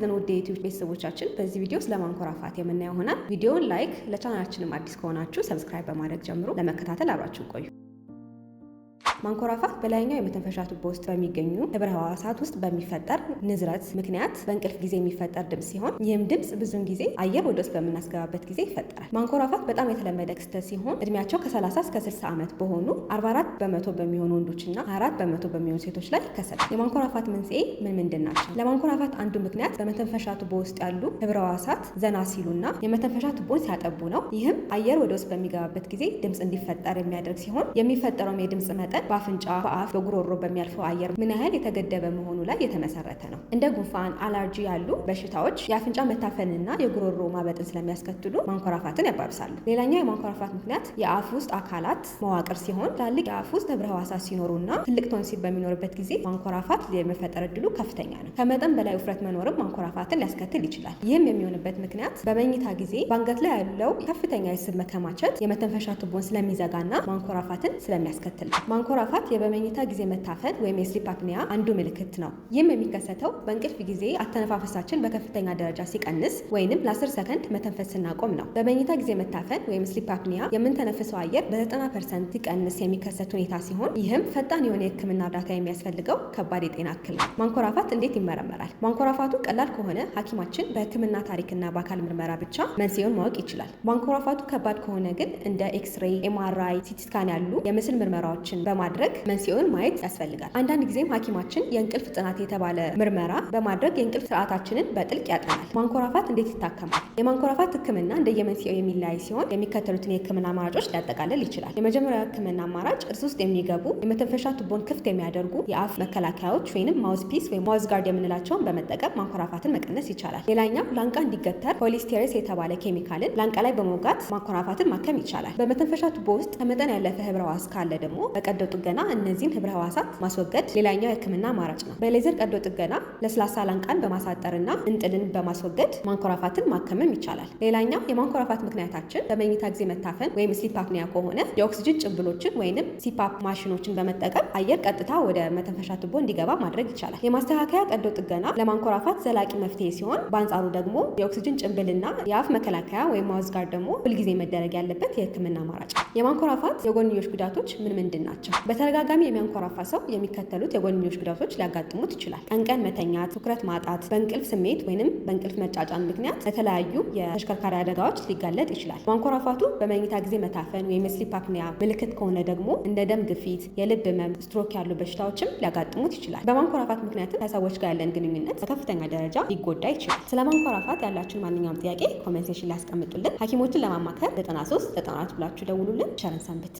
አመሰግነን ውድ የዩቲዩብ ቤተሰቦቻችን፣ በዚህ ቪዲዮ ስለ ማንኮራፋት የምናየው ይሆናል። ቪዲዮውን ላይክ፣ ለቻናላችንም አዲስ ከሆናችሁ ሰብስክራይብ በማድረግ ጀምሮ ለመከታተል አብራችሁ ቆዩ። ማንኮራፋት በላይኛው የመተንፈሻ ቱቦ ውስጥ በሚገኙ ህብረ ህዋሳት ውስጥ በሚፈጠር ንዝረት ምክንያት በእንቅልፍ ጊዜ የሚፈጠር ድምፅ ሲሆን ይህም ድምፅ ብዙውን ጊዜ አየር ወደ ውስጥ በምናስገባበት ጊዜ ይፈጠራል። ማንኮራፋት በጣም የተለመደ ክስተት ሲሆን እድሜያቸው ከ30 እስከ 60 ዓመት በሆኑ 44 በመቶ በሚሆኑ ወንዶችና 4 በመቶ በሚሆኑ ሴቶች ላይ ይከሰታል። የማንኮራፋት መንስኤ ምን ምንድን ናቸው? ለማንኮራፋት አንዱ ምክንያት በመተንፈሻ ቱቦ ውስጥ ያሉ ህብረ ህዋሳት ዘና ሲሉና የመተንፈሻ ቱቦን ሲያጠቡ ነው። ይህም አየር ወደ ውስጥ በሚገባበት ጊዜ ድምፅ እንዲፈጠር የሚያደርግ ሲሆን የሚፈጠረውም የድምፅ መጠን በአፍንጫ በአፍ በጉሮሮ በሚያልፈው አየር ምን ያህል የተገደበ መሆኑ ላይ የተመሰረተ ነው። እንደ ጉንፋን፣ አላርጂ ያሉ በሽታዎች የአፍንጫ መታፈንና የጉሮሮ ማበጥን ስለሚያስከትሉ ማንኮራፋትን ያባብሳሉ። ሌላኛው የማንኮራፋት ምክንያት የአፍ ውስጥ አካላት መዋቅር ሲሆን ትላልቅ የአፍ ውስጥ ህብረ ህዋሳት ሲኖሩና ትልቅ ቶንሲል በሚኖርበት ጊዜ ማንኮራፋት የመፈጠር እድሉ ከፍተኛ ነው። ከመጠን በላይ ውፍረት መኖርም ማንኮራፋትን ሊያስከትል ይችላል። ይህም የሚሆንበት ምክንያት በመኝታ ጊዜ በአንገት ላይ ያለው ከፍተኛ የስብ መከማቸት የመተንፈሻ ቱቦን ስለሚዘጋና ማንኮራፋትን ስለሚያስከትል ነው። መንኮራፋት የበመኝታ ጊዜ መታፈን ወይም የስሊፕ አፕኒያ አንዱ ምልክት ነው። ይህም የሚከሰተው በእንቅልፍ ጊዜ አተነፋፈሳችን በከፍተኛ ደረጃ ሲቀንስ ወይንም ለ10 ሰከንድ መተንፈስ ስናቆም ነው። በመኝታ ጊዜ መታፈን ወይም ስሊፕ አፕኒያ የምንተነፍሰው አየር በ90 ፐርሰንት ሲቀንስ የሚከሰት ሁኔታ ሲሆን ይህም ፈጣን የሆነ የህክምና እርዳታ የሚያስፈልገው ከባድ የጤና እክል ነው። ማንኮራፋት እንዴት ይመረመራል? ማንኮራፋቱ ቀላል ከሆነ ሐኪማችን በህክምና ታሪክና በአካል ምርመራ ብቻ መንስኤውን ማወቅ ይችላል። ማንኮራፋቱ ከባድ ከሆነ ግን እንደ ኤክስሬይ፣ ኤምአርአይ፣ ሲቲስካን ያሉ የምስል ምርመራዎችን በማድረግ በማድረግ መንስኤውን ማየት ያስፈልጋል። አንዳንድ ጊዜም ሐኪማችን የእንቅልፍ ጥናት የተባለ ምርመራ በማድረግ የእንቅልፍ ስርዓታችንን በጥልቅ ያጠናል። ማንኮራፋት እንዴት ይታከማል? የማንኮራፋት ህክምና እንደየመንስኤው የሚለያይ ሲሆን የሚከተሉትን የህክምና አማራጮች ሊያጠቃልል ይችላል። የመጀመሪያው ህክምና አማራጭ እርስ ውስጥ የሚገቡ የመተንፈሻ ቱቦን ክፍት የሚያደርጉ የአፍ መከላከያዎች ወይም ማውዝ ፒስ ወይም ማውዝ ጋርድ የምንላቸውን በመጠቀም ማንኮራፋትን መቀነስ ይቻላል። ሌላኛው ላንቃ እንዲገተር ፖሊስቴሬስ የተባለ ኬሚካልን ላንቃ ላይ በመውጋት ማንኮራፋትን ማከም ይቻላል። በመተንፈሻ ቱቦ ውስጥ ከመጠን ያለፈ ህብረ ካለ ደግሞ በቀደጡ ጥገና እነዚህን ህብረ ህዋሳት ማስወገድ ሌላኛው የህክምና አማራጭ ነው። በሌዘር ቀዶ ጥገና ለስላሳ ላንቃን በማሳጠርና እንጥልን በማስወገድ ማንኮራፋትን ማከምም ይቻላል። ሌላኛው የማንኮራፋት ምክንያታችን በመኝታ ጊዜ መታፈን ወይም ስሊፕ አፕኒያ ከሆነ የኦክስጅን ጭንብሎችን ወይንም ሲፓፕ ማሽኖችን በመጠቀም አየር ቀጥታ ወደ መተንፈሻ ቱቦ እንዲገባ ማድረግ ይቻላል። የማስተካከያ ቀዶ ጥገና ለማንኮራፋት ዘላቂ መፍትሄ ሲሆን፣ በአንጻሩ ደግሞ የኦክስጅን ጭንብልና የአፍ መከላከያ ወይም ማውዝ ጋር ደግሞ ሁልጊዜ መደረግ ያለበት የህክምና አማራጭ ነው። የማንኮራፋት የጎንዮሽ ጉዳቶች ምን ምንድን ናቸው? በተደጋጋሚ የሚያንኮራፋ ሰው የሚከተሉት የጎንዮሽ ጉዳቶች ሊያጋጥሙት ይችላል። ቀን ቀን መተኛት፣ ትኩረት ማጣት፣ በእንቅልፍ ስሜት ወይም በእንቅልፍ መጫጫን ምክንያት ለተለያዩ የተሽከርካሪ አደጋዎች ሊጋለጥ ይችላል። ማንኮራፋቱ በመኝታ ጊዜ መታፈን ወይም የስሊፕ አፕኒያ ምልክት ከሆነ ደግሞ እንደ ደም ግፊት፣ የልብ ህመም፣ ስትሮክ ያሉ በሽታዎችም ሊያጋጥሙት ይችላል። በማንኮራፋት ምክንያትም ከሰዎች ጋር ያለን ግንኙነት በከፍተኛ ደረጃ ሊጎዳ ይችላል። ስለ ማንኮራፋት ያላችሁን ማንኛውም ጥያቄ ኮሜንት ሴሽን ሊያስቀምጡልን ሐኪሞችን ለማማከር 93 94 ብላችሁ ደውሉልን። ቸርን ሰንብት።